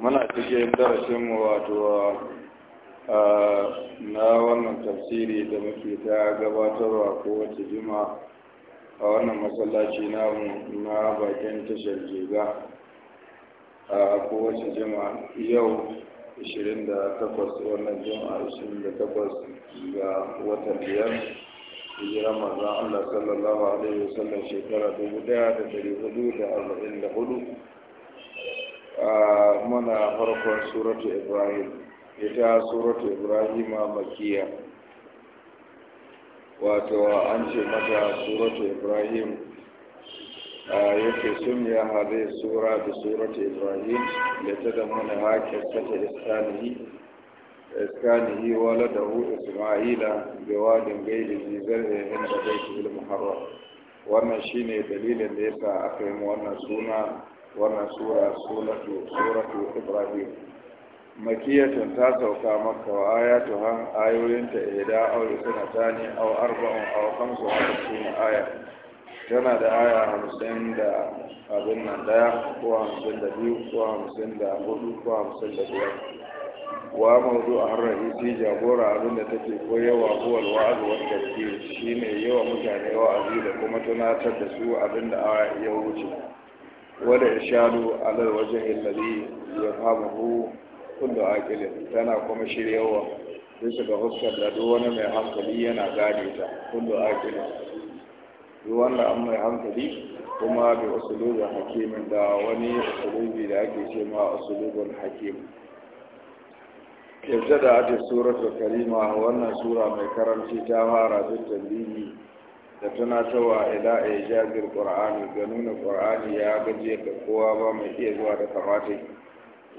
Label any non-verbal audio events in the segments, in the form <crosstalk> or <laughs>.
muna cikin darasinmu wato na wannan tafsiri da muke ta gabatarwa wace juma a wannan masallaci namu na bakin tashar jega a kowace juma yau 28 wannan juma 28 ga watan biyar hijiran manzan Allah sallallahu alaihi wasallam shekara 1444 muna farkon suratu ibrahim ita suratu ibrahim makiya wato an ce mata suratu ibrahim yake sun ya hade sura da suratu ibrahim da ta da mana hakin sata iskanihi iskanihi wala da isma'ila da wadin gaili zizar da yin da bai muharram wannan shine dalilin da yasa aka yi wannan suna wannan sura suratu suratu ibrahim makiyatun ta sauka maka wa ayatu han ayoyinta ihda aw sanatani aw arba'un aw khamsu wa sittina aya tana da aya hamsin da abin nan daya ko hamsin da biyu ko hamsin da hudu ko hamsin da biyar wa mawdu a harraisi jagora abin da take koyarwa kowal wa'azi wani gaske shine yawa mutane wa'azi da kuma tunatar da su abin da aya ya wuce wada ishadu alal wajen lalli ya fahimu kullu aqilin tana kuma shiryawa bisa ga huskar da duk wani mai hankali yana gane ta kullu aqilin duk wanda an mai hankali kuma bi usulubin hakimin da wani usulubi da ake ce ma usulubin hakim yadda da ake suratul karima wannan sura mai karanci ta fara duk tambayi da tunatarwa ila a jazir ƙur'ani ga nuna ƙur'ani ya gaje da kowa ba mai iya zuwa da kamata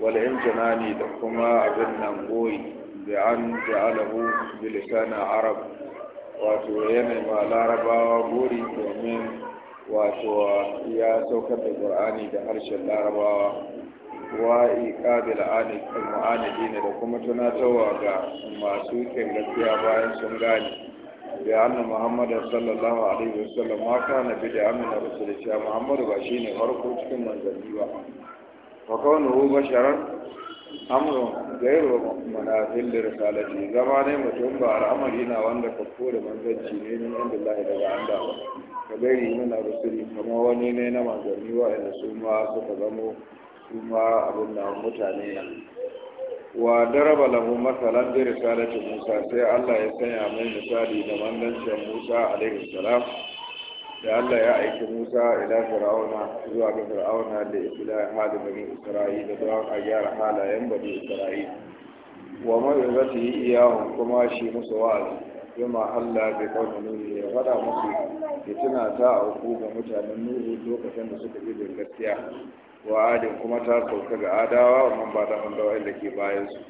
wal imtinani da kuma abin nan goyi da an ja'alahu bi lisanin arab wato yana ma larabawa gori domin wato ya saukar da ƙur'ani da harshen larabawa wa iqabil anil mu'anidin da kuma tunatarwa ga masu kin gaskiya bayan sun gane بأن محمد صلى الله عليه وسلم ما كان بدعا من رسول الله محمد بشين فرقه تكن من ذنبه فكونه بشرا أمر غير منازل لرسالته زمان متنبع بالأمر هنا وأن كفور من ذنبه من عند الله إذا عنده فبيري من رسول كما ونينينا من ذنبه إن سوما سكزمه سوما أبنا متعنينا wa daraba lahu masalan bi risalati Musa sai Allah ya sanya mai misali da mandancin Musa alaihi salam da Allah ya aiki Musa ila Fir'auna zuwa ga Fir'auna da ila hada bani Isra'ila da a gyara halayen bani Isra'ila wa mawizati iyahu kuma shi musu wa'azi bima Allah bai kauna nuni ya faɗa musu ya tuna ta uku ga mutanen nuhu lokacin da suka yi da wa adin kuma ta sauka ga adawa wa man ba da wanda da ke bayan su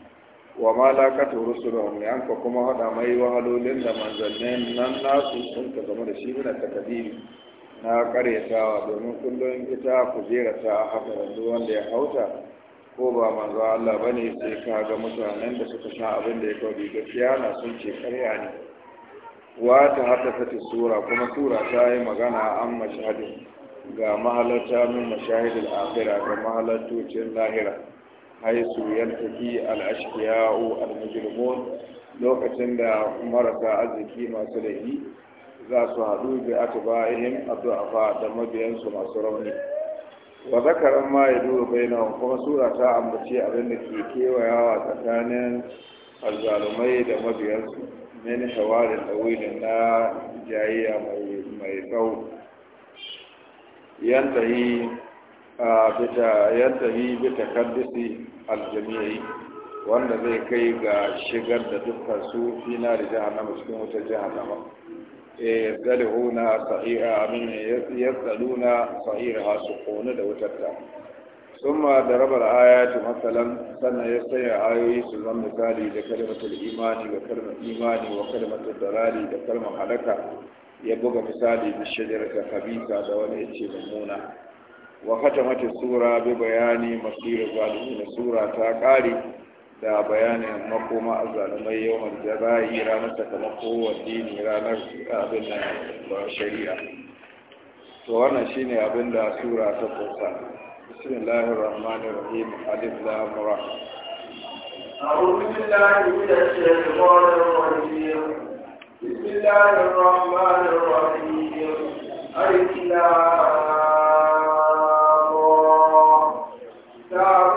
wa ma lakatu rusuluhum yanka kuma hada mai wahalolin da manzannin nan nasu sun ka zama da shi mina takadiri na karyatawa domin kullum ita ku jera ta a haka yanzu wanda ya hauta ko ba manzo Allah bane sai ka ga mutanen da suka sha abin da ya kauri gaskiya na sun ce karya ne wa ta hada sura kuma sura ta yi magana an mashahadin ga mahalarta min mashahidil akhira ga mahalartocin lahira haisu fi al-ashqiya'u al mujirmun lokacin da marasa arziki masu laifi za su haɗu bi atba'ihim fa da mabiyansu masu rauni wa zakaran ma ya duru na kuma sura ta ambace abin da ke kewayawa tsakanin azzalumai da mabiyansu min da tawilin na jayayya mai tsawo yantahi bita yantahi bita kaddisi aljami'i wanda zai kai ga shigar da dukkan su fi na da jahannama cikin wuta jahannama eh, yadaluna sahiha min yadaluna sahiha su kone da wutar ta summa da rabar ayatu masalan sannan ya sanya ayoyi su zan misali da kalmatul imani da kalmar imani wa kalmatul dalali da kalmar halaka ya buga misali da da habisa da wani ya yace mummuna wa mace sura bi bayani masir zalimin sura ta kare da bayanin makoma a azalumai yawan yi ranar sakamako wa ne ranar abin da shari'a to wannan shi ne abin da sura ta kusa bismillahir rahmanir rahim alif lam ra بالله من الشيطان الرجيم بسم الله الرحمن الرحيم الإسلام كتاب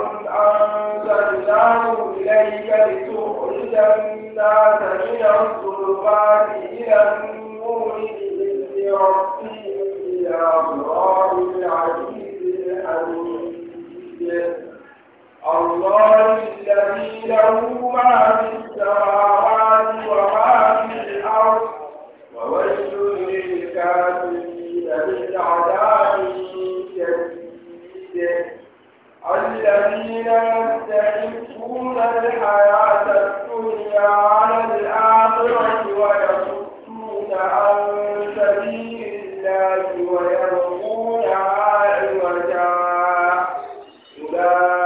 أنزلناه إليك لتخرج الناس من الظلمات إلى النور بإذن ربهم إلى صراط العزيز الحميد الله الذي له ما في السماوات وما في الأرض وويل للكافرين من عذاب شديد الذين يستحبون الحياة الدنيا على الآخرة ويصدون عن سبيل الله ويبغونها عوجا أولئك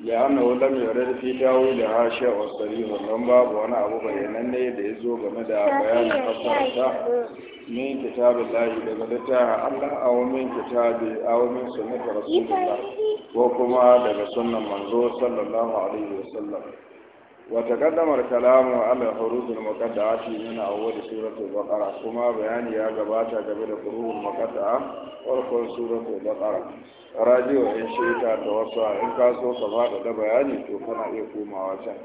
لأنه لم da في تاويلها شيء صريح don babu wani abu bayananne da ya zo game da bayanin fasarta min kitabin lahi daga littafin Allah a min kitabi a min sunnata rasulullah ko kuma daga sunnan manzo sallallahu alaihi wasallam wa taqaddama al-kalamu ala huruf al-muqadda'ati min awwal surati al-baqara kuma bayani ya gabata game da huruf al-muqadda'a farkon surati al-baqara radio in shaita da wasu in ka so ka ba da bayani to kana iya komawa can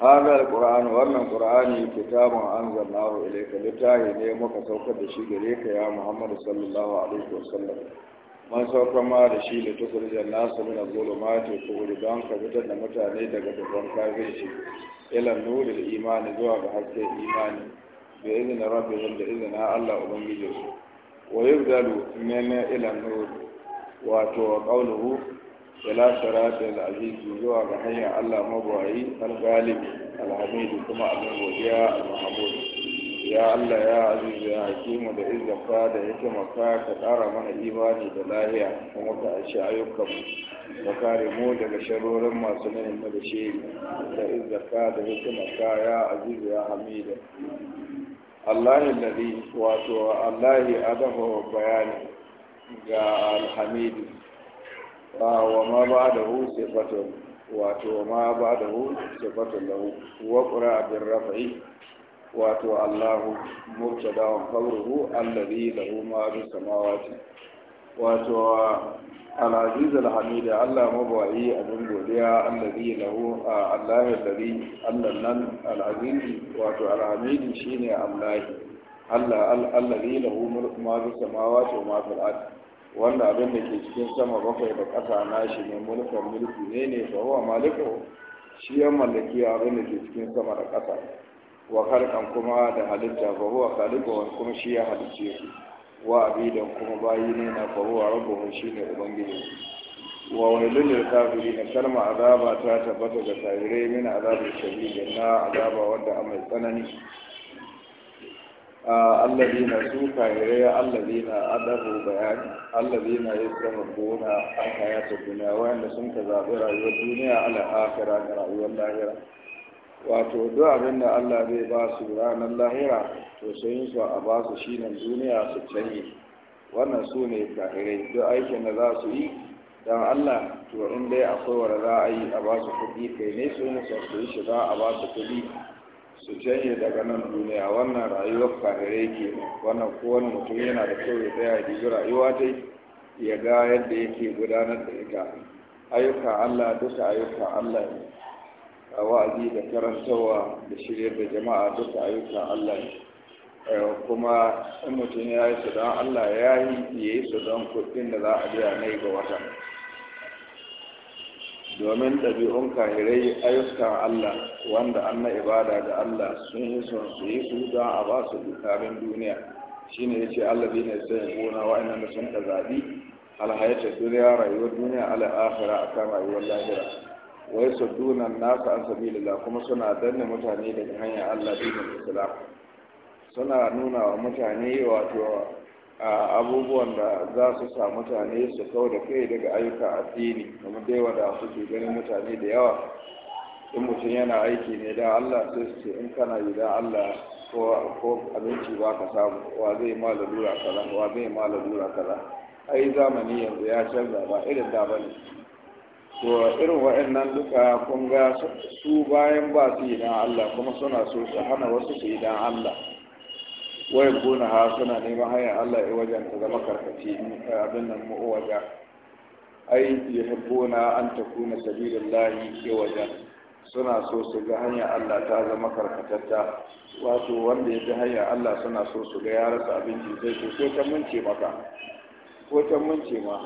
hada ƙura'an wannan ƙur'ani, kitabun anzalnahu ilayka littahi ne muka saukar da shi gare ka ya muhammadu sallallahu alaihi wasallam man saukar ma da shi da tukurjan nasu min zulumati ko don ka fitar da mutane daga dubban kafirci nuri da imani zuwa ga hasken imani da izinin rabbihim da izinin Allah ubangijinsu wa yubdalu min ila nur wato qawluhu ila siratil aziz zuwa ga hanyar Allah mabawai al-ghalib al-hamid kuma abin godiya al-mahmud ya Allah ya aziz ya hakimu da izzaka da hikimaka ka kara mana imani da lahiya kuma ka ashe ayyukanmu ka kare mu daga sharorin masu nahin da shi da izzaka da hikimaka ya aziz ya hamida allahi lalli wato allahi adahu bayani ga alhamidu wa ma ba da hu sifatun wato ma ba da hu sifatun lahu wa qura abin rafa'i wato allahu mubtada wa qawluhu alladhi lahu ma bis samawati wato al-aziz al-hamid Allah mabawai abin godiya allazi lahu Allah allazi Allah nan al-aziz wato al-hamid shine Allah Allah allazi lahu ma fi samawati wa ma fil wanda abin da ke cikin sama bakwai da ƙasa shi ne mulkin mulki ne ne fa huwa maliku shi ya mallaki abin da ke cikin sama da ƙasa wa khalqan kuma da halitta fa huwa khaliqu kuma shi ya halicce su wa abidan kuma bayi ne na faruwa shi ne ubangiji wa wailul lil na kalma azaba ta tabbata ga kafirai min azabin shadid na azaba wanda a mai tsanani alladina su kafirai alladina adabu bayan alladina a kayata duniya wanda sun ka zaɓi rayuwar duniya ala akira da rayuwar lahira wato duk abin da Allah zai ba su ranar lahira to a ba su shi nan duniya su canye wannan su ne kahirai duk aikin da za su yi don Allah to in dai akwai wanda za a yi a ba su kuɗi kai ne su ne su yi shiga a ba su kuɗi su canye daga nan duniya wannan rayuwar kahirai ke wannan kowane mutum yana da kyau ya tsaya ya rayuwa dai ya ga yadda yake gudanar da ita ayyuka Allah duka ayyuka Allah ne a wa'azi da karantarwa da shirya da jama'a duka ayyukan Allah eh, kuma in mutum ya yi su don Allah ya yi ya yi su don kuɗin da za a biya mai ga wata domin ɗabi'un kahirai ayyukan Allah wanda an na ibada da Allah sun yi son su yi su don a ba su duniya shine ya ce Allah bi ne sai gona wa'annan da sun ka zaɓi alhayatar duniya rayuwar duniya al'akhira akan rayuwar lahira wa yasudduna an nasa an lila kuma suna danne mutane daga hanyar Allah dinin Islam suna nuna wa mutane wato abubuwan da za su sa mutane su kau da kai daga ayyuka addini kuma dai wanda suke ganin mutane da yawa in mutum yana aiki ne da Allah sai su ce in kana yi da Allah ko abinci ba ka samu wa zai ma lalura kaza wa zai ma kaza ai zamani yanzu ya canza ba irin da bane to irin waɗannan duka kun ga su bayan ba su yi dan Allah kuma suna so su hana wasu su yi dan Allah wai gona ha suna neman hanyar Allah ya wajen ta zama karkace abin nan waga ai ya na an ta kuma sabilin lahi ke wajen suna so su ga hanyar Allah ta zama karkatatta wato wanda ya bi hanyar Allah suna so su ga ya rasa abinci sai ko sai ta mince maka ko ta mince ma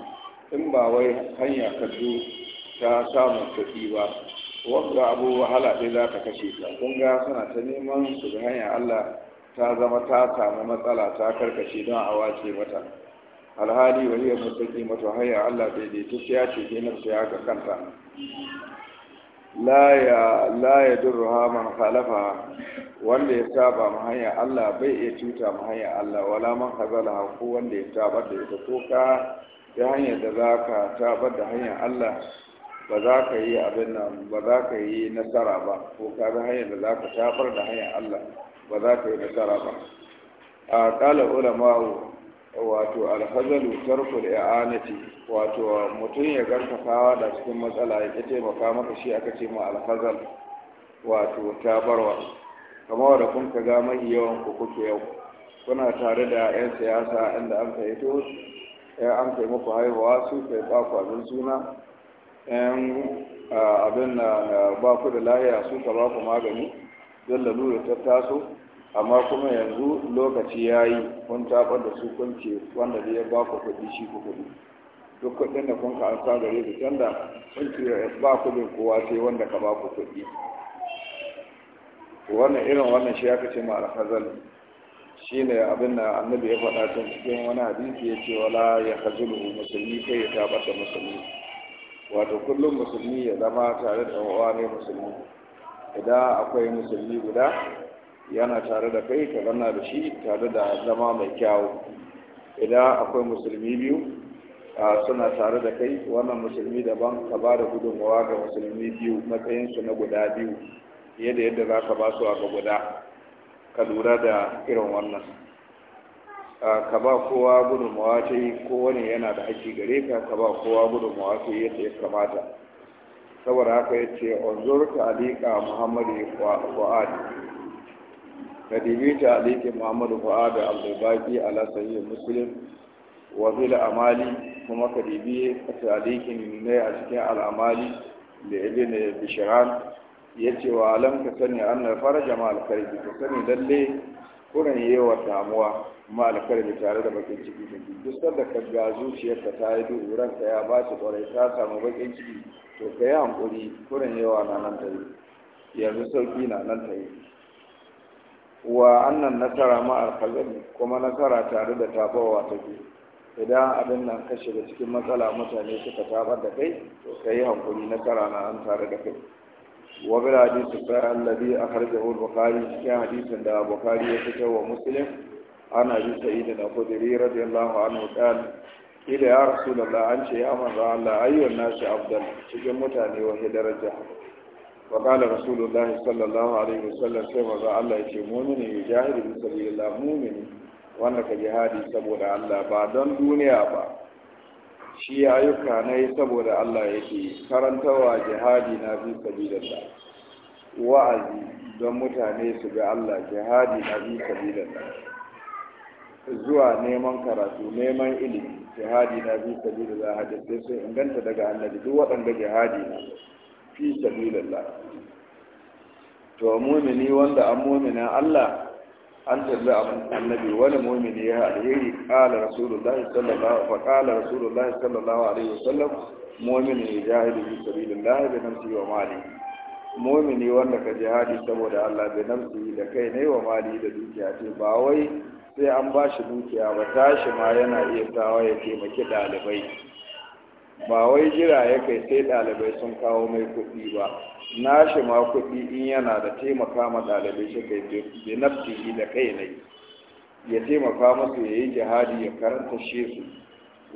in ba wai hanya ka ta samun kuɗi ba wanda abu wahala ɗai za ka kashe ta kun ga suna ta neman su da hanyar allah ta zama ta samu matsala ta karkace don a wace mata alhali wa hiya mata hanyar allah daidaitacciya ce ke nafsa ya ga kanta la ya la ruhaman wanda ya saba mu hanya Allah bai iya cuta mu hanya Allah wala man hazala ko wanda ya tabar da ita ko ka ta hanyar da zaka tabar da hanyar Allah ba za ka yi abin nan ba za ka yi nasara ba ko ka ga hanyar da za ka shafar da hanyar Allah ba za ka yi nasara ba a kala ulama wato alhazalu tarku da i'anati wato mutum ya kawa da cikin matsala ya taimaka maka shi aka ce ma alhazal wato tabarwa kamar da kun ka ga mahi yawan ku kuke yau kuna tare da 'yan siyasa inda an to hito an kai muku haihuwa su kai ku abin suna yan abin na ba ku da lahiya su ka ba ku magani don lalura ta taso amma kuma yanzu lokaci ya yi kun tabar da su kun ce wanda zai ba ku kuɗi shi ku kuɗi duk kuɗin da kun ka an sa gare su canza da kun ce ba kuɗin kowa sai wanda ka ba ku kuɗi wannan irin wannan shi aka ce ma alhazal shi ne abin da annabi ya faɗa can cikin wani hadisi ya ce wala ya hazulu musulmi kai ya tabar da musulmi wato kullum musulmi ya zama tare da uwa ne musulmi idan akwai musulmi guda yana tare da kai ka zama da shi tare da zama mai kyawu idan akwai musulmi biyu suna tare da kai wannan musulmi daban ka ba da gudunmawa ga musulmi biyu matsayinsu na guda biyu fiye da yadda za ka ba su a ga guda ka lura da irin wannan ka ba kowa gudunmawa ta yi wani yana da haƙƙi gare ka ka ba kowa gudunmawa ta yi yadda ya kamata saboda haka ya ce onzor ta alika muhammadu fu'ad ka dibi ta alika muhammadu fu'ad abdulbaki ala sahih muslim wa fil amali kuma ka dibi ta alikin ne a cikin al'amali da ibn bishran ya ce wa alam ka sani an fara jama'al karfi ka sani lalle kurin yawa samuwa ma alkalmi tare da bakin ciki ciki duk sanda ka ga zuciyarka ta yi duhu ranka ya ba ta kwarai ta samu bakin ciki to ka yi hankuri kurin yawa na nan ta yi yanzu sauki na nan ta yi wa annan nasara ma alkalmi kuma nasara tare da tabawa take idan abin nan ka shiga cikin matsala mutane suka tabar da kai to ka yi hankuri nasara na nan tare da kai وبلا حديث الذي أخرجه البخاري كان حديثا دا البخاري يفتح ومسلم عن أبي سعيد الخدري رضي الله عنه قال إلى يا رسول الله أنت يا من الله أي الناس أفضل cikin mutane wahi daraja وقال رسول الله صلى الله عليه وسلم كما قال الله يجي مؤمن يجاهد في سبيل الله مؤمن وانك جهادي سبول الله بعد دنيا بعد shi ayyuka na yi saboda Allah yake karantawa jihadi na fi sabilillah wa'azi don mutane su ga Allah jihadi na fi sabilillah zuwa neman karatu neman ilimi jihadi na fi sabilillah hajjata sun inganta daga annabi duk waɗanda jihadi na fi sabilillah to mumini wanda an mumina Allah an abin annabi wani mu'mini ya alheri qala rasulullahi sallallahu Alaihi qala rasulullahi sallallahu alaihi wasallam mu'minu yajahidu fi sabilillahi bi nafsihi wa mali. mu'mini wanda ka jihadi saboda Allah bi nafsihi da kai ne wa mali da dukiya ce ba wai sai an ba shi dukiya ba tashi ma yana iya tawa ya taimaki ɗalibai ba wai jira ya kai sai ɗalibai sun kawo mai kuɗi ba nashi ma kuɗi in yana da taimaka ma ɗalibai shi kai bi da kai ne ya taimaka musu ya yi jihadi ya karanta shi su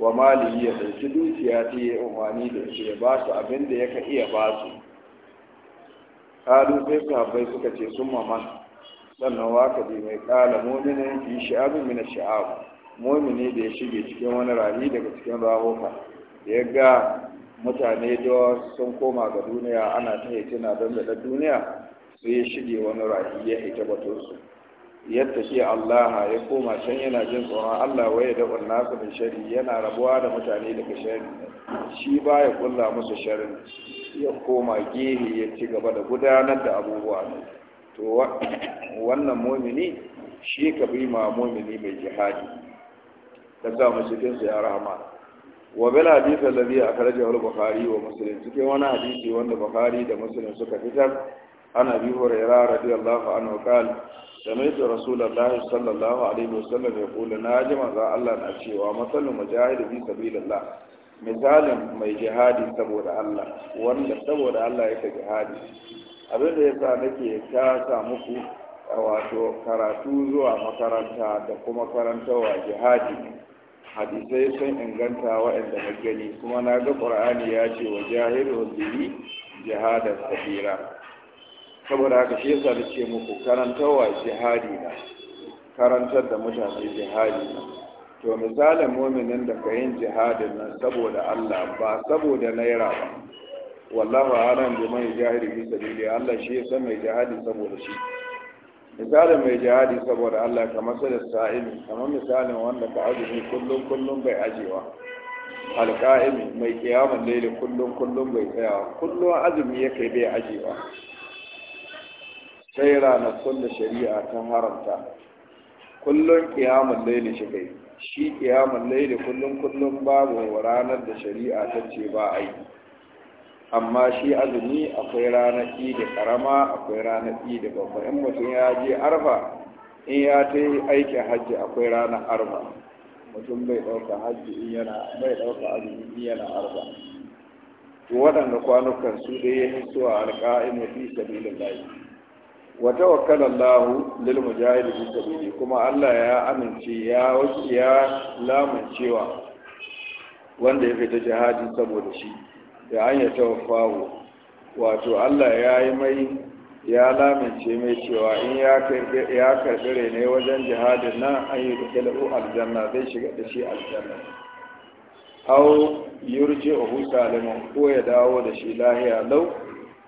wa malihi ya ɗauki dukiya ta yi umarni da ita ya ba su abin da ya ka iya ba su kalu sai sahabbai suka ce sun mamman sannan waka bi mai kala muminin fi sha'abin mina sha'ab momini da ya shige cikin wani rani daga cikin da ya ga mutane da sun koma ga duniya ana ta hitina don da duniya su yi shige wani rafi ya hita batunsu yadda shi Allah ya koma can yana jin tsoron Allah waye da wannan su da shari yana rabuwa da mutane daga shari shi ba ya kulla musu sharin ya koma gehe ya ci gaba da gudanar da abubuwa ne to wannan mumini shi ka bi ma mumini mai jihadi da za mu cikin ziyara ya rahama wa bil hadith alladhi akhrajahu al-bukhari wa muslim cikin wani hadisi wanda bukhari da muslim suka fitar an abi hurairah radiyallahu anhu qala سمعت رسول الله صلى الله عليه وسلم يقول ناجم ذا الله نأتي ومثل مجاهد في سبيل الله misalin mai jihadi saboda Allah wanda saboda Allah yake jihadi abin da yasa nake ta sa muku wato karatu zuwa makaranta da kuma karantawa jihadi hadisai sun inganta waɗanda na gani kuma na ga ƙur'ani ya ce wa jahiru bihi jihadar kabira saboda haka shi yasa da ce muku karantarwa jihadi na karantar da mutane jihadi na to misalin muminin da ka yin jihadin nan saboda Allah ba saboda naira ba wallahu alam da mai jahili bi sabili Allah shi yasa mai jihadi saboda shi misalin mai jihadi saboda Allah kamar su da sa'imi kamar misalin wanda ka azumi kullum kullum bai ajewa alƙa'imi mai kiyamun laili kullum kullum bai tsayawa kullum azumi ya kai bai ajewa sai ranakun da shari'a ta haramta kullum kiyamun laili shi kai shi kiyamun laili kullum kullum babu ranar da shari'a ta ce ba a yi. amma shi azumi akwai ranar idi karama akwai ranar idi babba in mutum ya je arfa in ya ta yi aikin hajji akwai ranar arfa mutum bai ɗauka hajji in yana bai ɗauka azumi in yana arfa to waɗanda kwanukan su dai ya yi a alƙa'in fi sabilin layi Wata tawakkala lahu lil mujahid fi sabili kuma Allah ya amince ya wasiya lamuncewa wanda ya fita jihadi saboda shi da an ya tawaffahu wato Allah ya yi mai ya lamince mai cewa in ya karɓi ne wajen jihadin nan an yi da kalabu aljanna zai shiga da shi aljanna au yurji uhu salimin ko ya dawo da shi lahiya lau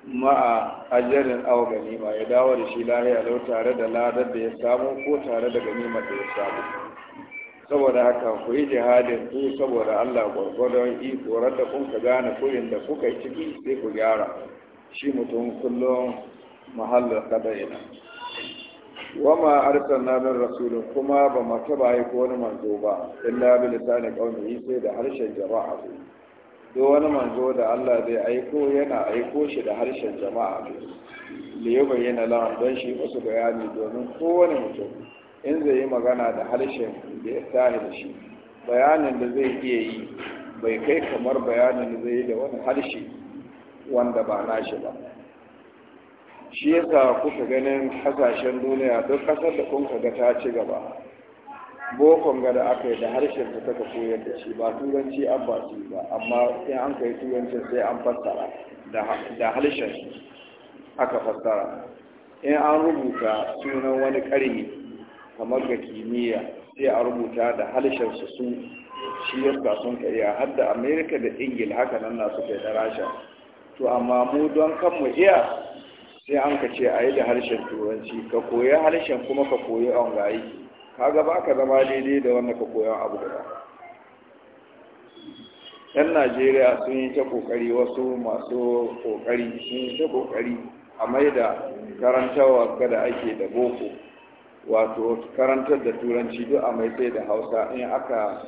ma'a ajarin au ganima ya dawo da shi lahiya lau tare da ladar da ya samu ko tare da ganimar da ya samu saboda haka ku yi jihadin ku saboda Allah gwargwadon iko da kun ka gane kuyin da kuka yi ciki sai ku gyara shi mutum kullum kadayina wa ma arsalna min rasulun kuma ba mu taba yi ko wani manzo ba illa bi lisani qawmi sai da harshen jama'a do wani manzo da Allah zai aiko yana aiko shi da harshen jama'a ne ya bayyana lahun don shi wasu bayani domin kowane mutum in zai yi magana da harshen da ya sahi da shi bayanin da zai iya yi bai kai kamar bayanin da zai yi da wani harshe wanda ba na shi ba shi yasa kuka ganin hasashen duniya duk kasar da kun ga ta ci gaba bokon ga da aka yi da harshen da taka koyar da shi ba turanci an ba su ba amma in an kai turancin sai an fassara da harshen aka fassara in an rubuta sunan wani ƙarni. kamar ga kimiyya sai a rubuta da harshen su sun shi yasa sun kariya a hadda amerika da ingila haka nan na suka yi da rasha to amma mu don kan mu iya sai an ka ce a yi da harshen turanci ka koyi harshen kuma ka koyi angayi kaga ba ka zama daidai da wannan ka koyi abu guda yan najeriya sun yi ta kokari wasu masu kokari sun yi ta kokari a mai da karantawa da ake da boko wato karantar da turanci duk a mai sai da hausa in aka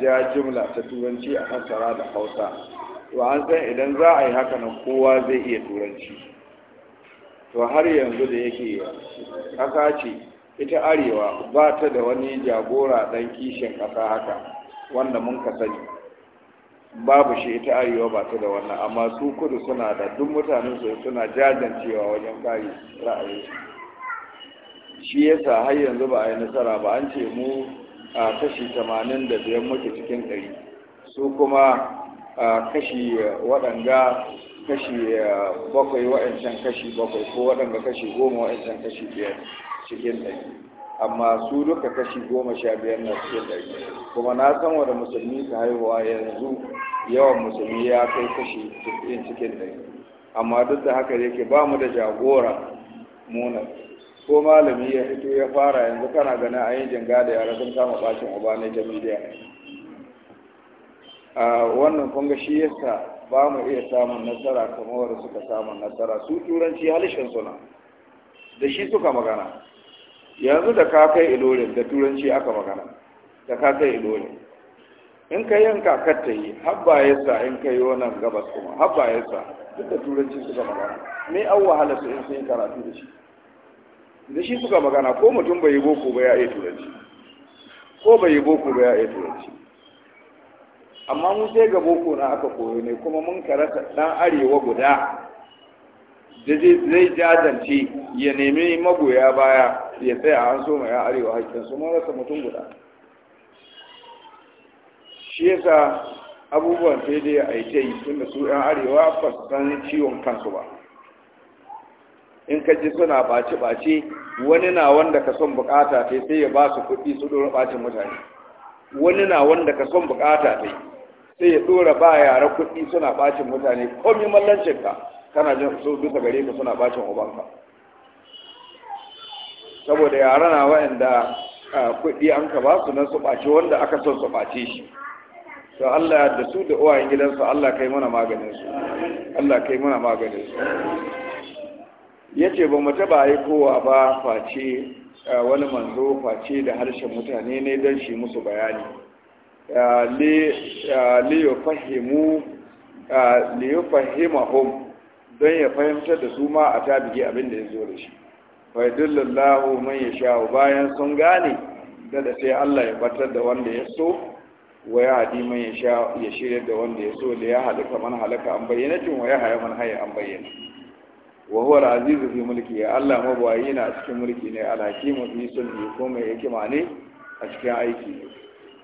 ja jimla ta turanci a kansara da hausa to an san idan za a yi haka nan kowa zai iya turanci to har yanzu da yake kasa ce ita arewa ba ta da wani jagora ɗan kishin kasa haka wanda mun ka sani babu shi ita arewa ba ta da wannan amma su kudu suna da duk mutanen su suna jajancewa wajen kare ra'ayinsu shi yasa har yanzu ba a yi nasara ba an ce mu a kashi 85 muke cikin 100 su kuma a kashi waɗanga kashi bakwai wa'ancan kashi bakwai ko waɗanga kashi goma wa'ancan kashi biyar cikin ɗari amma su duka kashi goma sha biyar na cikin ɗari kuma na san wani musulmi ka haihuwa yanzu yawan musulmi ya kai kashi cikin ɗari amma duk da haka yake ba mu da jagora munan ko malami ya fito ya fara yanzu kana ganin a yin jinga da yara sun kama bacin uba ne ta midiya a wannan kunga shi yasa ba mu iya samun nasara kamar suka samun nasara su turanci halishin suna da shi suka magana yanzu da ka kai ilorin da turanci aka magana da ka kai ilorin in ka yi katta yi habba sa in ka yi wannan gabas kuma habba sa duk da turanci suka magana me an wahala su in sun yi karatu da shi da shi suka magana ko mutum bai yi boko ba ya iya turanci ko bai yi boko ba ya iya turanci amma mun sai ga boko na aka koyo ne kuma mun karata dan arewa guda da zai jajance ya nemi magoya baya ya tsaya an so mai arewa hakkin su mun rasa mutum guda shi yasa abubuwan sai dai a yi ta tunda su yan arewa ba ciwon kansu ba in ka ji suna ɓace-ɓace wani na wanda ka son bukata ta sai ya ba su kuɗi su dora ɓacin mutane wani na wanda ka son bukata ta sai ya ɗora ba yara kuɗi suna ɓacin mutane komi ka, kana jin so duka gare ka suna ɓacin ubanka saboda yara na wa'anda kuɗi an ka ba su nan su ɓace wanda aka son su ɓace shi to Allah da su da uwayen gidansu Allah kai mana maganin su Allah kai mana maganin su Yace ba mu taba aikowa ba face eh, wani manzo face da harshen mutane ne don shi musu bayani ya liyo fahimahum don ya fahimtar da su ma a tabige abin da ya zo da shi faidullallahu man ya sha'u bayan sun gane da da sai Allah ya batar da wanda ya so wa ya hadi man ya shirya da wanda ya so da ya halaka man halaka an bayyana tun wa ya haya man haya an bayyana wa huwa al-aziz fi mulki Allah mabawayi na cikin mulki ne al-hakim fi sulhi ko mai hikima ne a cikin aiki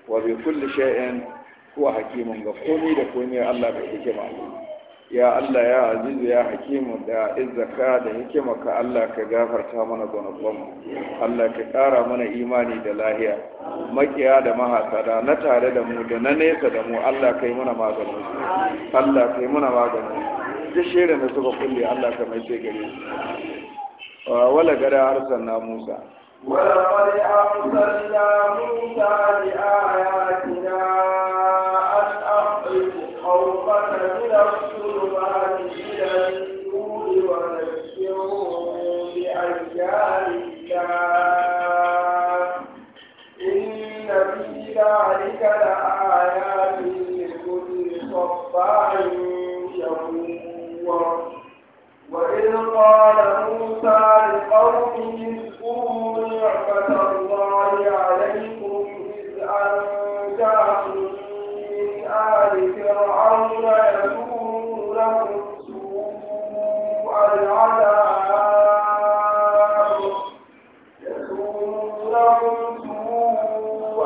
wa bi kulli shay'in huwa hakimun ga komai da komai Allah bai hikima ne ya Allah ya aziz ya hakimu da izzaka da hikima ka Allah ka gafarta mana gonobban Allah ka kara mana imani da lahiya makiya da mahasada na tare da mu da na nesa da mu Allah kai mana maganin Allah kai mana maganin duk shirin da suka kulle Allah ka mai ce gare su wala gada harsan na Musa ولقد أرسلنا موسى بآياتنا أن أخرج قومك من الظلمات إلى النور ونذكرهم بأيام الله إن في ذلك لآيات لكل صبار وإذ قال موسى لقومه اذكروا نعمة الله عليكم إذ أنجاكم من آل فرعون يسومونكم سوء العذاب يسومونكم سوء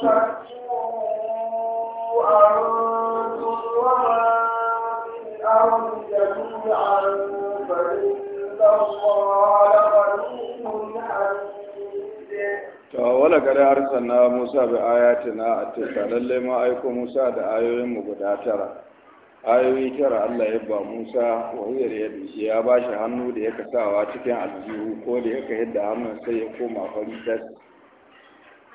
وصدوا أنتم harsan na Musa bi ayatina a tisa, lalle ma aiko Musa da ayoyinmu guda tara. Ayoyi tara Allah ya ba Musa wahiyar ya dushi ya ba shi hannu da ya kasawa cikin aljihu ko da ya ka hannun sai ya koma fari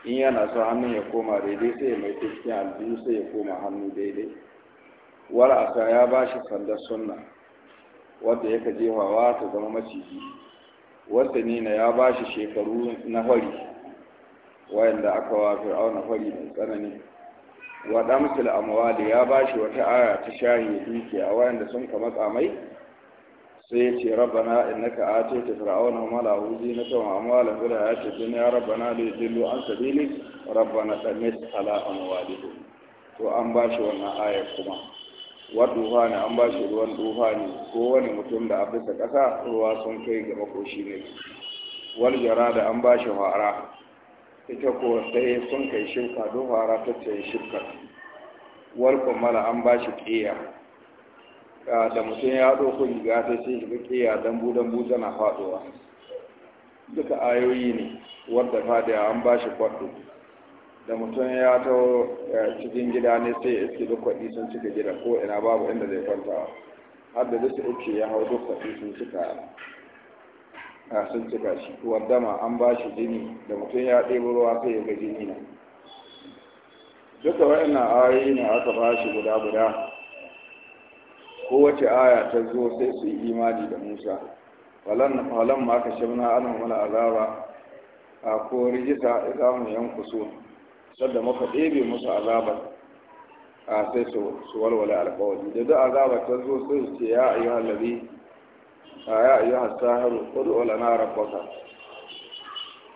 in yana so hannun ya koma daidai sai ya mai cikin aljihu sai ya koma hannu daidai wal asa ya ba shi sandar sunna wadda yaka jefawa ta zama maciji wadda nina ya ba shi shekaru na hori wayanda aka wa na hori mai tsanani wa damsul amwali ya ba shi wata aya ta shahi dukiya wayanda sun kama tsamai sai a ce rabbana innaka atayta fir'auna wa malahu zinatan wa amwalan fil hayati dunya rabbana li yudillu an sabili rabbana tamis ala amwalihim to an ba shi wannan ayar kuma wa duhani an ba shi ruwan duhani ko wani mutum da a bisa ƙasa ruwa sun kai ga makoshi ne wal jarada an ba shi fara ita ko sai sun kai shirka don fara ta ce shirka wal kumala an ba shi ƙiya da mutum ya ɗauko riga ta sai shiga ƙiya dambu dambu tana faɗowa duka ayoyi ne wadda da an ba shi kwaɗo da mutum ya ta cikin gida ne sai ya iske duk kwaɗi sun cika gida ko ina babu inda zai kwanta har da duk uke ya hau duk kwaɗi sun cika a sun cika shi ma an ba shi jini da mutum ya ɗebo ruwa sai ya ga jini na duka wa'annan ayoyi ne aka ba shi guda guda kowace aya ta zo sai su yi imani da musa falan ma ka shabna ana mana azaba a ko rijita izamu yankusu sadda muka ɗebe musu azabar a sai su walwale alƙawari da duk azabar ta zo sai su ce ya ayyuhal ladhi ya ayyuhas sahiru qul lana rabbaka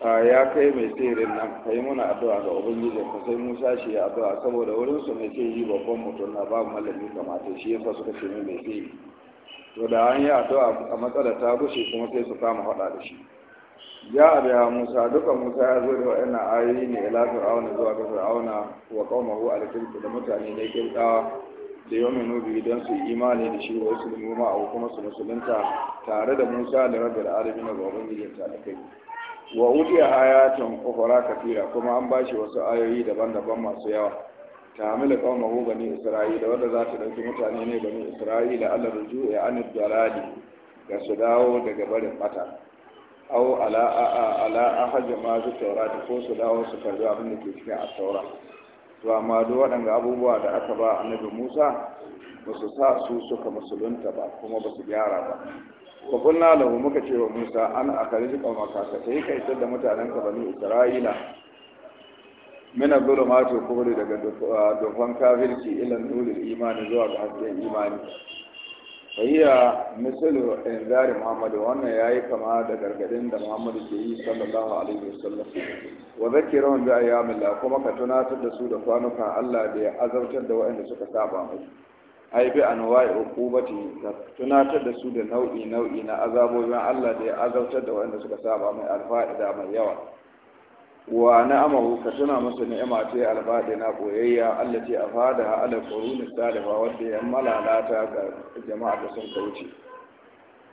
ya kai mai tsirin nan ka yi muna addu'a ga ubangiji ka sai musa shi ya addu'a saboda wurin su mai yi babban mutum na babu mallami kamata shi yasa suka ce mai tsiri to da an yi addu'a a matsala ta gushe kuma sai su kama hada da shi ya abiya musa duka musa ya zo da wa'annan ayoyi ne ila fir'auna zuwa ga fir'auna wa qaumahu alkirku da mutane ne kirkawa da yawmin biyu don su imani da shi wa musulmi ma kuma su musulunta tare da musa da rabbil na ga da kai. wa udiya ayatun ukhra kafira kuma an bashi wasu ayoyi daban-daban masu yawa ta amila hamila mahu bani isra'ila wanda za ta dauki mutane ne bani isra'ila allah ya ruju'i an dalali ga su dawo daga barin bata aw ala ala ahad ma zu tawrat ko su dawo su karbi abin da ke cikin at-taura to amma duk waɗanda abubuwa da aka ba annabi Musa ba su sa su suka musulunta ba kuma ba su gyara ba fa kunna lahu muka ce wa Musa an akhrij qaumaka ka sai ka isar da mutanen ka bani Isra'ila min al-zulumati kubri daga dukkan kafirci ila nurul imani zuwa ga hasken imani fahiya misalu inzari muhammad wannan yayi kama da gargadin da muhammad ke yi sallallahu alaihi wasallam wa zakirahum bi ayyamillah kuma ka tunatar da su da kwanuka Allah da ya azabtar da waɗanda suka saba mai ai bi anwa'i uqubati ka tunatar da su da nau'i nau'i na azabobin Allah da ya azabtar da waɗanda suka saba mai alfa'ida mai yawa wa na'amahu ka tuna masa ni'ima ta alfa'ida na koyayya Allah ce afada ala quruni salifa wanda ya malalata ga jama'a da sun kauce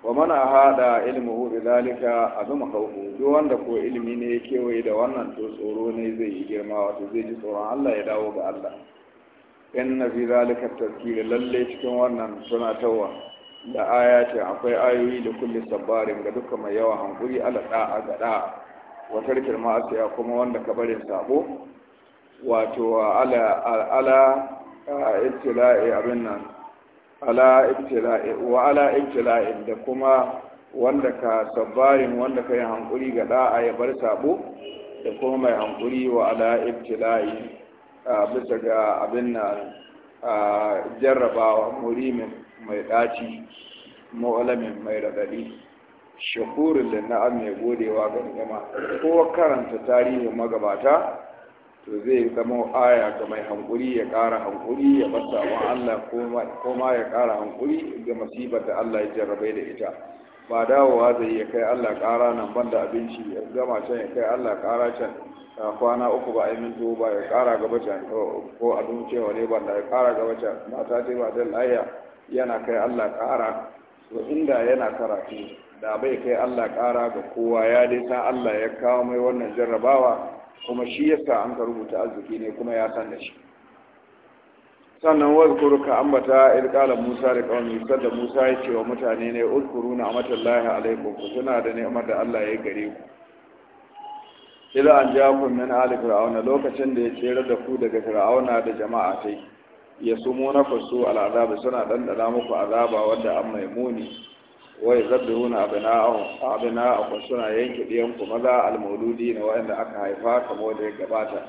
wa man hada ilmuhu bi zalika azama khawfu duk wanda ko ilimi ne ya kewaye da wannan to tsoro ne zai yi girma wato zai ji tsoron Allah ya dawo ga Allah inna fi zalika tazkira lalle cikin wannan tunatarwa da ayati akwai ayoyi da kulli sabarin ga dukkan mai yawa hankuri ala da'a ga da'a wa tarkil ma'asiya kuma wanda ka bari sabo wato ala ala ibtila'i abin nan ala ibtila'i wa ala ibtila'i da kuma wanda ka sabarin wanda ka yi hankuri ga da'a ya bar sabo da kuma mai hankuri wa ala ibtila'i bisa ga abin na jarrabawa murimin mai ɗaci ma'ulamin mai raɗaɗi shakurin da na'am mai godewa ga nema ko karanta tarihin magabata to zai zama aya ga mai hankuri ya kara hankuri ya basta wa Allah ko ma ya kara hankuri ga masibar da Allah ya jarrabe da ita ba dawowa zai iya kai Allah ƙara nan banda abinci ya gama can ya kai Allah ƙara can kwana uku ba a yi mintu ba ya ƙara gaba can ko abin cewa ne banda ya ƙara gaba can mata ce ba zai layya yana kai Allah ƙara to inda yana karatu da bai kai Allah ƙara ga kowa ya dai san Allah ya kawo mai wannan jarrabawa kuma shi yasa an ka rubuta arziki ne kuma ya san da shi sannan wazkuru ka ambata ilkala musa da kawai sanda musa ya ce wa mutane ne uzkuru na amatallahi alaikum ku tuna da ni'imar da allah ya gare ku ila an ja ku min ali fir'auna lokacin da ya tsere da ku daga fir'auna da jama'a tai ya sumo na fasu al'azab suna dandana muku azaba wanda an mai muni wai zabbiruna abna'u abina'ahu suna yanke diyan ku maza al-mauludi na aka haifa kamar da ya gabata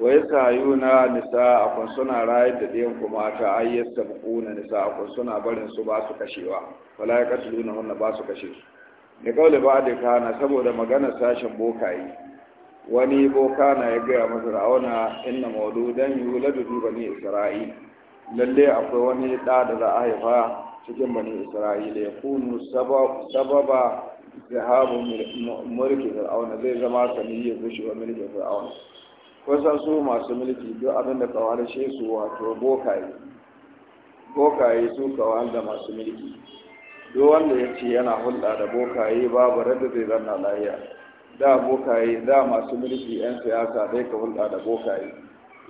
wai sayu na nisa kun suna rayar da ɗin kuma ta ayyar sabu na nisa kun suna barin su ba su kashewa wala ya kasu nuna wannan ba su kashe su da ba da kana saboda magana sashen bokaye wani boka na ya gaya masa ra'auna inna maudu dan da duba bani isra'il lalle akwai wani ɗa da za a haifa cikin bani isra'ila ya kunu sababa zahabun mulki fir'auna zai zama saniyar gushewar mulkin fir'auna kusan su masu mulki duk abin da kawarshe su wato bokaye bokaye su kawar da masu mulki duk wanda ya ce yana hulɗa da bokaye babu radda zai zanna lahiya da bokaye da masu mulki 'yan siyasa dai ka hulɗa da bokaye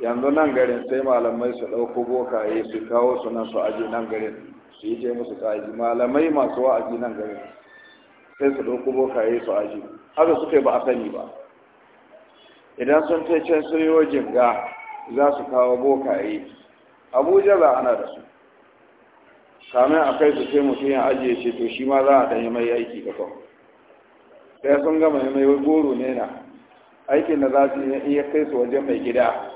yanzu nan garin sai malamai su ɗauko bokaye su kawo su nan su aje nan garin su yi musu ta'aji malamai masu wa'azi nan garin sai su ɗauko bokaye su aje haka suka yi ba a sani ba idan sun taice can sun yi wajen ga za su kawo bokaye abuja ba ana da su kamar a kai su sai mutum ya ajiye ce to shi ma za a ɗanyi mai aiki da kwan sai sun gama mai goro ne na aikin da za su yi iya kai su wajen mai gida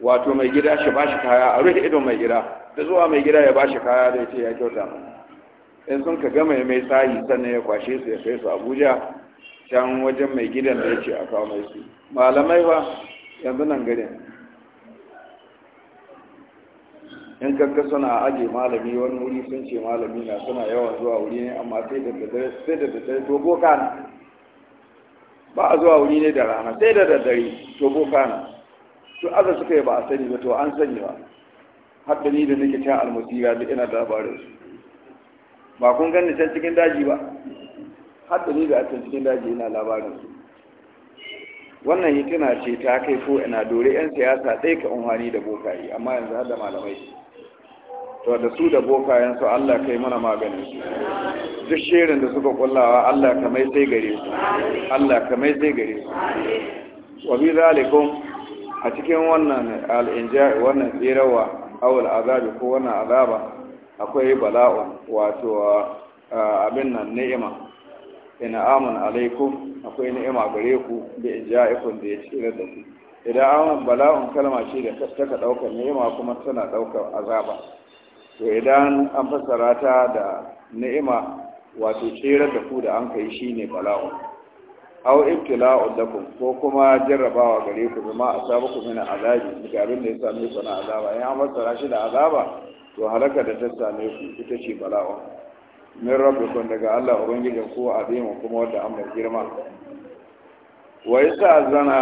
wato mai gida shi ba shi kaya a rufe idon mai gida da zuwa mai gida ya ba shi kaya da ya ce ya kyauta in sun ka gama mai sahi sannan ya kwashe su ya kai su abuja can wajen mai gidan da yake a kawo mai su malamai ba yanzu nan garin in kanka suna aje malami wani wuri sun ce malami na suna yawan zuwa wuri ne amma sai da daddare sai da daddare to ba a zuwa wuri ne da rana sai da daddare to boka to aza suka yi ba a sani ba to an sani ba har da ni da nake can almusira duk ina da labarin su ba kun gani can cikin daji ba hadda ni da a cikin daji ina labarin su wannan hitina ce ta kai ko ina dore 'yan siyasa ɗaya ka unhani da bokaye amma yanzu har da malamai to da su da bokayen su Allah kai mana magani. duk shirin da suka kullawa Allah ka mai sai gare su Allah ka mai sai gare su wa bi zalikum a cikin wannan al-inja wannan tsirawa aw al-azabi ko wannan azaba akwai bala'un wato abin nan ni'ima Ina in'amun alaikum akwai ni'ima gare ku da ija'ikun da ya da ku idan amun bala'un kalma ce da ta ka ɗaukar ni'ima kuma tana ɗaukar azaba to idan an fassara ta da ni'ima wato tsira da ku da an kai shi ne bala'un aw ibtila'u lakum ko kuma jarrabawa gare ku bima asabaku min azabi daga abin da ya same ku na azaba in an fassara shi da azaba to halaka da ta same ku ita ce bala'un min rabbikum daga Allah ubangijin ku azimu kuma wanda an mai girma wa yasa azana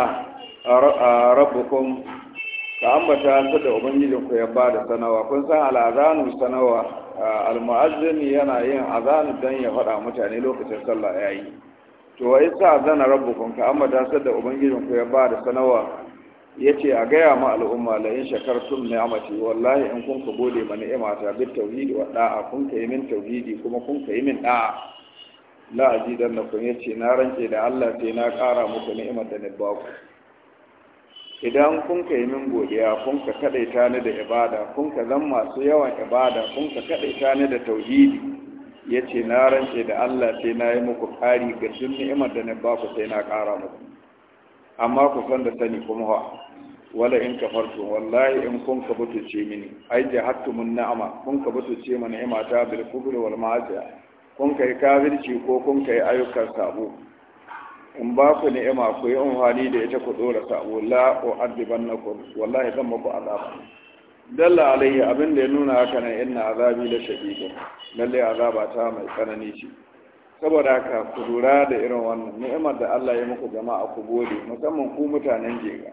rabbukum ka ambata su da ubangijin ku ya ba da sanawa kun san al'azanu sanawa almu'azzini yana yin azanu dan ya faɗa mutane lokacin sallah yayi to wa yasa azana rabbukum ka ambata su da ubangijin ku ya ba da sanawa ya ce a gaya ma al'umma la in shakartum ni'amati wallahi in kun ka gode ma ni'imata bit tauhidi wa da'a kun ka yi min tauhidi kuma kun ka yi min da'a la ajidan na kun yace na rance da Allah sai na ƙara muku ni'imar da ni ba ku idan kun ka yi min godiya kun ka kadaita ni da ibada kun ka zan masu yawan ibada kun ka kadaita ni da tauhidi yace na rance da Allah sai na yi muku ƙari ga duk ni'imar da ni ba ku sai na ƙara muku amma ku san da sani kuma wa wala in kafartu wallahi in kun ka butuce mini ai mun na'ama kun ka butuce mana ni'mata bil kubur wal ma'asiya kun kai kafirci ko kun kai ayyukan sabo in ba ku ni'ima ku yi amfani da ita ku dora sabo la ku wallahi zan muku azaba dalla alayhi abin da ya nuna haka nan inna azabi la shadida lalle azaba ta mai tsanani ce saboda haka ku lura da irin wannan ni'imar da Allah ya muku jama'a ku gode musamman ku mutanen jega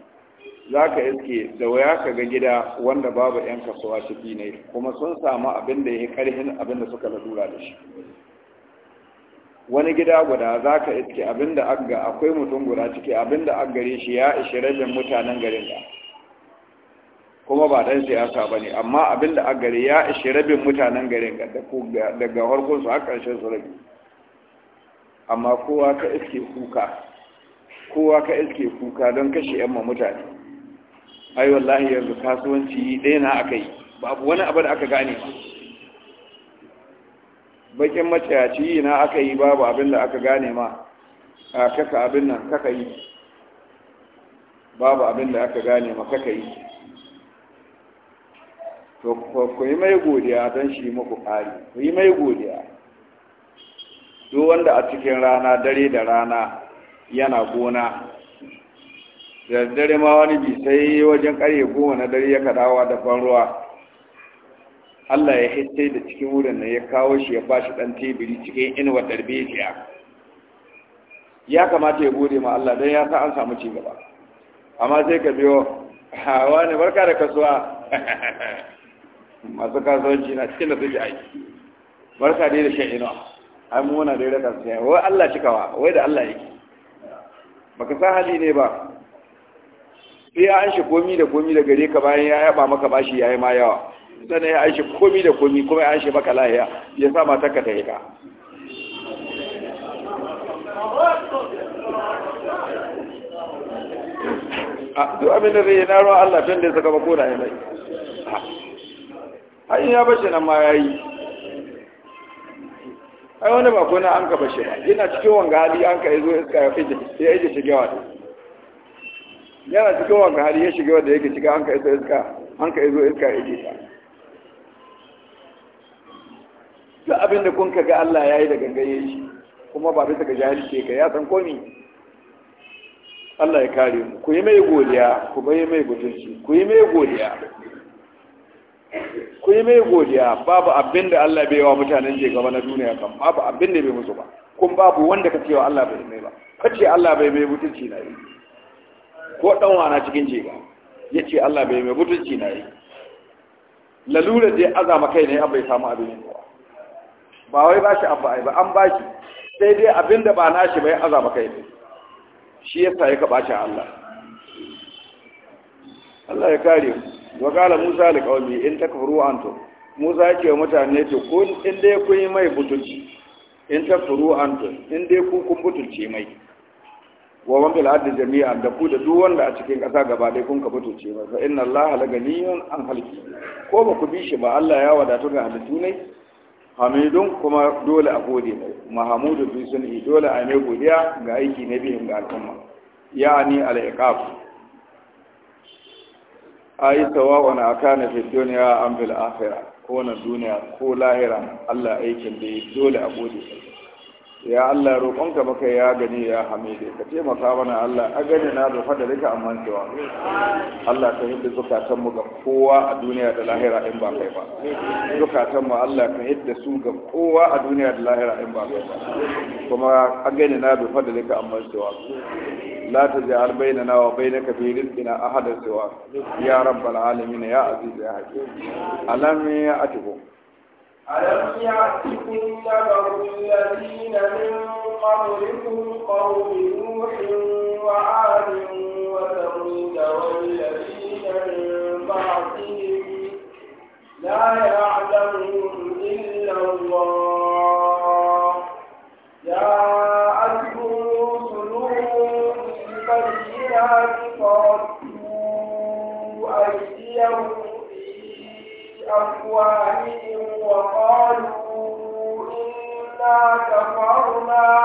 za ka iske da waya ka ga gida wanda babu 'yan kasuwa ciki ne kuma sun samu abin da ya yi ƙarfin abin da suka lura da shi wani gida guda za ka iske abin da aga akwai mutum guda ciki abin da agare shi ya ishi rabin mutanen garin da kuma ba ɗan siyasa ba ne amma abin da agare ya ishi rabin mutanen garin daga harkunsu a ƙarshen su rabi amma kowa ka iske kuka kowa ka iske kuka don kashe 'yan mutane ai wallahi yanzu kasuwanci ɗaya na aka yi babu wani abu da aka gane ba bakin maciyaci na aka yi babu abin da aka gane ma a kaka abin nan kaka yi babu abin da aka gane ma kaka yi to ku yi mai godiya don shi muku ƙari ku yi mai godiya duk wanda a cikin rana dare da rana yana gona da dare ma wani bi sai wajen karye goma na dare ya kadawa da ban ruwa Allah ya hisse da cikin wurin nan ya kawo shi ya bashi dan tebiri cikin inuwa darbejiya ya kamata ya gode ma Allah dan ya sa an samu ci gaba amma sai ka biyo hawa ne barka da kasuwa <laughs> masu kasuwanci na cikin da suke aiki barka dai da shan inuwa ai mu dai da kasuwa wai Allah cikawa wai da Allah yake baka sa hali ne ba sai ya an shi komi da komi da gare ka bayan ya yaba maka bashi ya yi ma yawa sannan ya an shi komi da komi kuma ya an shi maka lahiya ya sa mata ka ta yi a duk abin da zai yi na ruwan Allah tun da ya saka bako da ya mai ya bashi nan ma ya yi ai wani bako na an ka bashi yana cikin wanga hali an ka yi zo iska ya fi ya yi da shigewa ne yana cikin wanka hali ya shiga wanda yake cika hanka ka iso iska hanka ka iso iska yake ta duk abin da kun kaga Allah ya yi da gangaye shi kuma ba bisa ga jahilce ka ya san komi Allah ya kare mu ku yi mai godiya ku bai mai gudunci ku yi mai godiya ku yi mai godiya babu abin da Allah bai wa mutanen je gaba na duniya kan babu abin da bai musu ba kun babu wanda ka wa Allah bai mai ba kace Allah bai mai mutunci na yi ko dan wana cikin ya yace Allah bai mai mutunci na yi lalura da azama kai ne an bai samu abin yin ba wai bashi abba ai ba an bashi sai dai abinda ba nashi bai azama kai ne shi yasa ya kaba shi Allah Allah ya kare mu wa qala Musa li qaumi in takfuru antum Musa ce wa mutane to ko in dai kun yi mai butulci in takfuru antum in dai ku kun butulce mai wa man bil ardi jami'an da ku da duk wanda a cikin kasa gaba dai kun kafa toce ba fa inna allaha ganiyun an halki ko ba ku bi shi ba Allah ya wadatu ga halittu ne hamidun kuma dole a gode mai mahamudu bi sunni dole a mai godiya ga aiki na bihin ga al'umma yani al-iqab ayi sawa'un akana fi dunya am bil akhirah ko na duniya ko lahira Allah aikin da dole a gode mai ya Allah roƙonka maka ya gani ya hamide ka taimaka mana Allah a gani na da rika amman cewa Allah ka hidda zukatan mu ga kowa a duniya da lahira in ba kai ba zukatan mu Allah ka hidda su ga kowa a duniya da lahira in ba kai ba kuma a gani na da rika amman cewa la taj'al na wa bainaka fi a ahadan cewa ya rabbal alamin ya aziz ya hakim alam ya'tikum ألم يأتكم نبأ الذين من قبلكم قوم نوح وعاد وثمود والذين من بعدهم لا يعلمهم إلا الله جاءتهم رسلهم بالبينات فردوا أيديهم بأفواههم وقالوا إنا كفرنا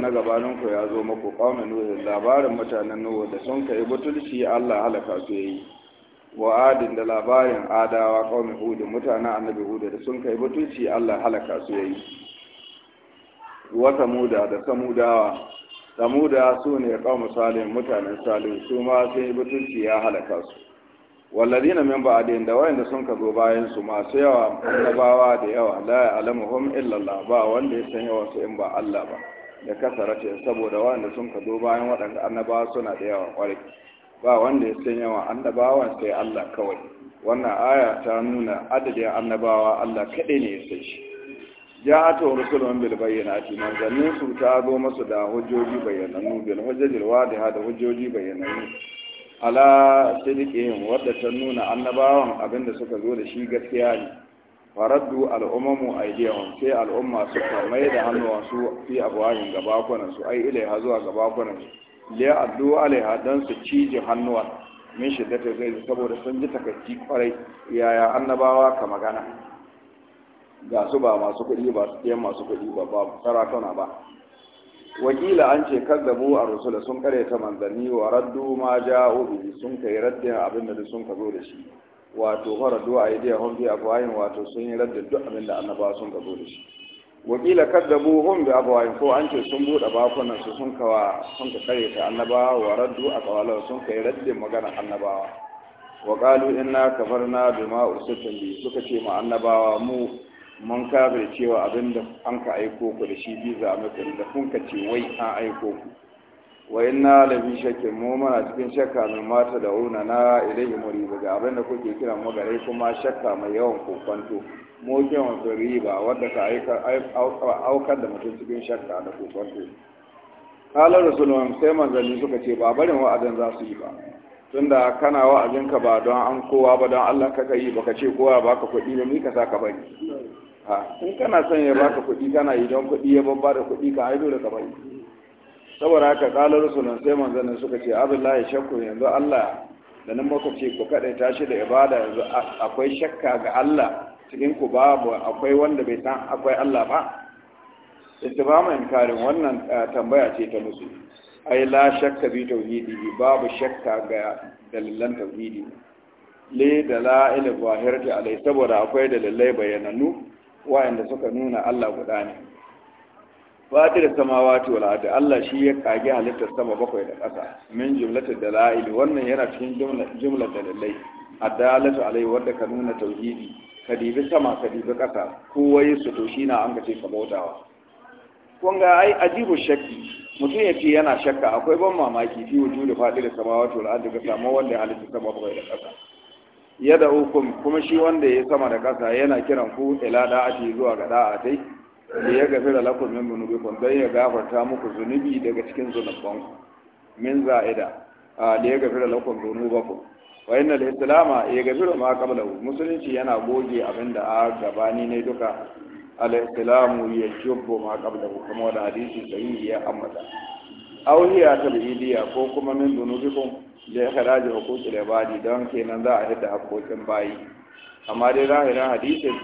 labarin na gabaninku ya zo maku ƙaunar nuhu labarin mutanen nuhu da sun kai butulci allah halaka su yi wa adin da labarin adawa ƙaunar hudu mutanen annabi hudu da sun kai butulci allah halaka su yi. wa samuda da samudawa samuda su ne ƙaunar salim mutanen salim su ma sun yi butulci ya halaka su walladina min ba'adin da wayanda sun ka zo bayan su masu yawa annabawa da yawa la ya'lamuhum illa Allah ba wanda ya san yawa su in ba Allah ba da kasaratin saboda waɗanda sun ka zo bayan waɗanda annabawa suna da yawa ƙwarai ba wanda ya san yawa annabawan sai Allah kawai wannan aya ta nuna adadin annabawa Allah kaɗai ne ya san shi ya ta rusulun bil bayyanati manzannin su ta zo masu da hujjoji bayyanannu bil hujjajil wadiha da hujjoji bayyanannu ala sidiqihim wadda ta nuna annabawan abinda suka zo da shi gaskiya ne faraddu al'ummamu a sai al'umma suka mai da hannuwansu fi abuwayin su ai ilaiha zuwa gabakunansu liya addu alaiha don su cije hannuwan min ta zai saboda sun ji takaici kwarai yaya annabawa ka magana ga su ba masu kuɗi ba su ɗiyan masu kuɗi ba ba sarakuna ba wakila an ce kazzabu a rusula sun ta manzanni wa raddu ma ja'u sun kai raddin abin da sun kazo da shi wato fara du'a yi dai hon bi abawayin wato sun yi radda duk abin da annaba sun gabo da shi wakila kaddabu hon bi abawayin ko an ce sun bude bakunan su sun kawa sun ka kare ta annaba wa raddu a kawala sun kai raddin magana annabawa wa qalu inna kafarna bima ursiltum bi suka ce ma annabawa mu mun kafir cewa abinda da an ka aiko ku da shi biza mai da kun ka ce wai an aiko ku wa inna la bi shakkin mu muna cikin shakka mai mata da una na ilayhi muribu ga abin da kuke kira mu gare kuma shakka mai yawan kokonto mu kiyon riba wanda ka aika aukar da mutum cikin shakka da kokonto kala rasulun sai manzanni suka ce ba barin wa'azin za su yi ba tunda kana wa'azin ka ba don an kowa ba don Allah kaka yi baka ce kowa baka kuɗi ne ni ka sa ka bari ha in kana son ya baka kuɗi kana yi don kuɗi ya babba da kuɗi ka aido da ka bari saboda haka kalar rasulun sai manzannin suka ce abdullahi shakku yanzu allah da nan maka ce ku kaɗai shi da ibada yanzu akwai shakka ga allah cikin ku babu akwai wanda bai san akwai allah ba istibama inkarin wannan tambaya ce ta musu ai la shakka bi tauhidi babu shakka ga dalilan tauhidi le da la ilahi zahirati alai saboda akwai dalilai bayanannu wa'anda suka nuna allah guda ne fatir samawati wal ardi Allah shi ya kage halittar sama bakwai da ƙasa min jumlatul dalail wannan yana cikin jumla dalilai adalatu alai wanda ka nuna tauhidi ka dibi sama ka dibi ƙasa kowai su to shi na an gace ce ka bautawa kun ga ai ajibu shakki mutum ya ce yana shakka akwai ban mamaki fi wujudu fatir samawati wal ardi ga samu wanda halitta sama bakwai da ƙasa yada hukum kuma shi wanda ya sama da ƙasa yana kiran ku ila da'ati zuwa ga da'atai da ya gafira lakum min dhunubikum don ya gafarta muku zunubi daga cikin zunubanku min za'ida da ya gafira lakum dhunubakum wa inna al-islama ya gafiru ma qablahu musulunci yana goge abinda a gabani ne duka al-islamu ya jubbu ma qablahu kuma wani hadisi sahihi ya ammata ya ta bidiya ko kuma min dunubikum da ya haraji hukuki da badi don kenan za a hidda hakokin bayi amma dai zahirin hadisin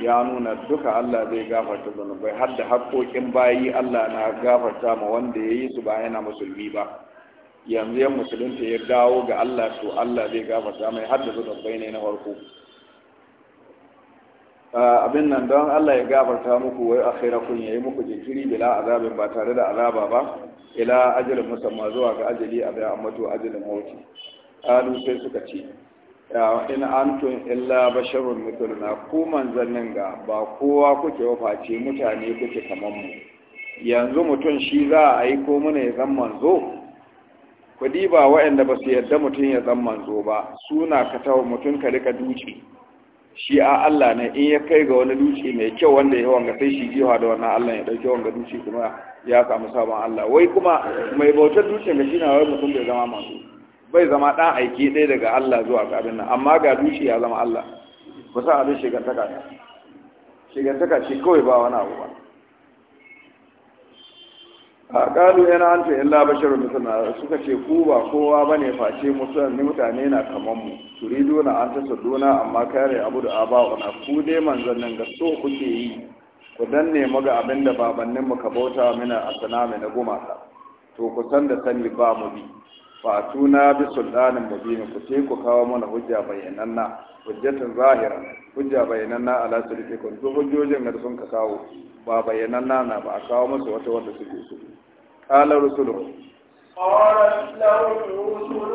ya nuna duka Allah zai gafarta zunubai har da haƙoƙin bayi Allah na gafarta ma wanda ya yi su ba yana musulmi ba yanzu yan musulunta ya dawo ga Allah to Allah zai gafarta mai har da zunubai ne na farko abin nan don Allah ya gafarta muku wai a ya yi muku jinkiri bila azabin ba tare da azaba ba ila ajalin musamman zuwa ga ajali a bayan ambato ajalin mawuki. qalu sai suka ce in antum illa basharun mithluna ku manzannin ga ba kowa kuke wafaci mutane kuke kaman mu yanzu mutum shi za a yi ko muna ya zan manzo kudi ba waɗanda ba su yarda mutum ya zan manzo ba suna ka tawo mutum ka rika duci shi a Allah ne in ya kai ga wani duci mai kyau wanda ya wanga sai shi jiwa da wannan Allah ya dauke wanga duci kuma ya samu sabon Allah wai kuma mai bautar duci ga shi na wai mutum bai zama manzo bai zama ɗan aiki ɗaya daga Allah zuwa ga abin nan amma ga dushi ya zama Allah ba sa abin shigantaka ne shigantaka ce kawai ba wani abu ba a ƙalu yana an tuyin labashirin mutuna suka ce ku ba kowa ba ne face musulmi mutane na kaman mu turi na an ta dona amma kare abu da aba'u na ku dai manzannin ga so kuke yi ku danne mu ga abin da babanninmu ka bauta mina a sana na gumaka to ku san da sani ba mu bi fatuna bi sultanin mubin ku ce ku kawo mana hujja bayyananna hujjatun zahira hujja bayyananna ala sulhi kun duk hujjojin da sun ka kawo ba bayyananna na ba a kawo musu wata wanda suke su qala rusulu qala rusulu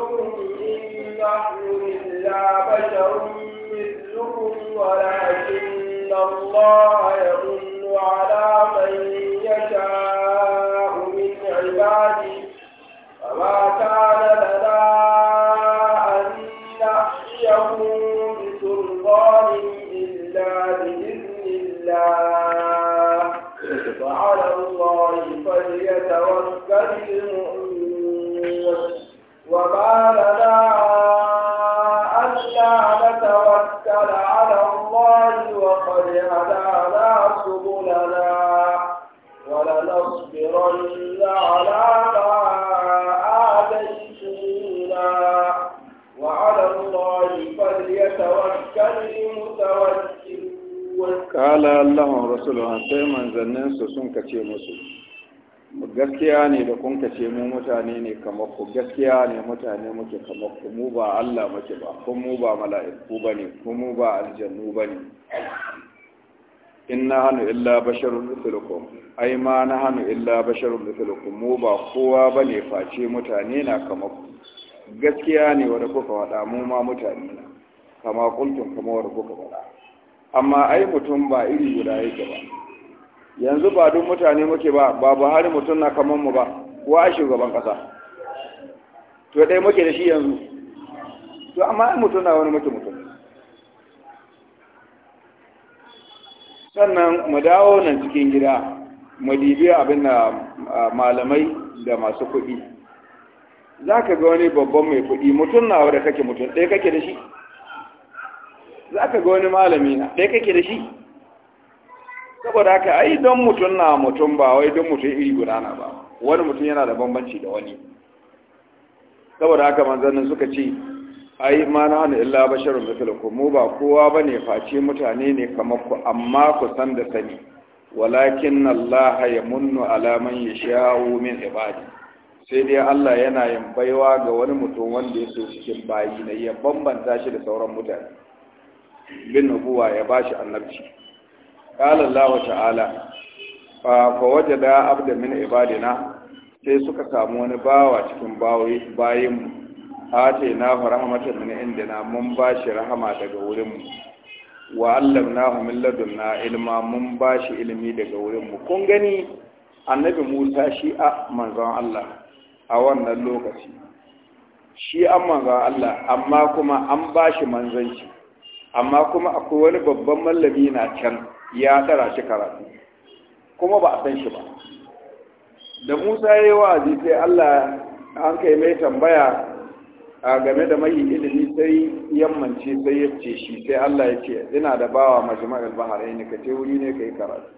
inna إن نحن إلا بشر مثلكم ولكن الله يمن على من يشاء من عباده فما كان لنا أن إلا بإذن الله وعلى الله فليتوكل وما لنا ألا نتوكل على الله وقد سبلنا ولنصبرن على ما kala allahun rasulun sai su sun kace musu gaskiya ne da kun kace mu mutane ne kamar ku gaskiya ne mutane muke kamar ku mu ba allah muke ba kun mu ba mala'iku ba ne kun mu ba aljannu ba ne in na illa basharun mithlukum ai ma na hanu illa basharun mithlukum mu ba kowa ba ne face mutane na kamar ku gaskiya ne wanda kuka wada mu ma mutane na kama kultun kama wadda kuka bada amma ai mutum ba iri guda yake ba yanzu ba duk mutane muke ba ba buhari mutum na kaman mu ba wa a shugaban ƙasa to dai muke da shi yanzu to amma ai mutum na wani muke mutum sannan mu dawo nan cikin gida mu dibi abin da malamai da masu kuɗi za ka ga wani babban mai kuɗi mutum na wadda kake mutum ɗaya kake da shi za ka ga wani malami na ɗaya kake da shi saboda haka ai don mutum na mutum ba wai don mutum iri guda na ba wani mutum yana da bambanci da wani saboda haka manzannin suka ce ai ma na hannu illa basharun misalinku mu ba kowa ba ne face mutane ne kamar ku amma ku san da sani walakin Allah ya munnu alaman ya sha'u min ibadi sai dai Allah yana yin baiwa ga wani mutum wanda ya so cikin bayi na ya bambanta shi da sauran mutane bin nubuwa ya bashi annabci qala Allah ta'ala fa wajada abda min ibadina sai suka samu wani bawa cikin bawoyi bayin mu na fa rahmatan inda na mun bashi rahama daga wurin mu wa allamnahu min ladunna ilma mun bashi ilimi daga wurin kun gani annabi Musa shi a manzon Allah a wannan lokaci shi an manzon Allah amma kuma an bashi manzanci amma kuma akwai wani babban mallami na can ya tsara shi karatu kuma ba a san shi ba da musa ya yi wa'azi sai allah an kai mai tambaya a game da mai ilimi sai yammanci sai ya ce shi sai allah ya ce ina da bawa majma'ul baharai ne ka ce wuri ne ka yi karatu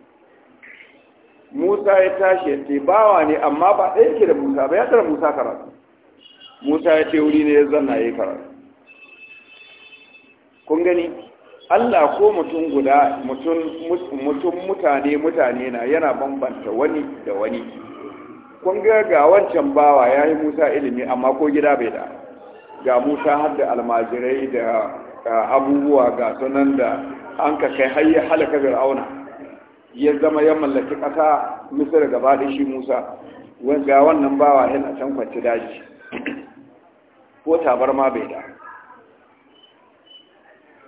musa ya tashi ya ce bawa ne amma ba ɗaya ke da musa ba ya tsara musa karatu musa ya ce wuri ne ya zanna ya yi karatu kun gani Allah ko mutum guda mutum mutane mutane na yana bambanta wani da wani kun ga ga wancan bawa ya yi musa ilimi amma ko gida bai da ga musa har da almajirai da abubuwa ga sunan da an ka kai har ya halaka fir'auna ya zama ya mallaki ƙasa misir gaba da shi musa ga wannan bawa yana can kwanci daji ko tabar ma bai da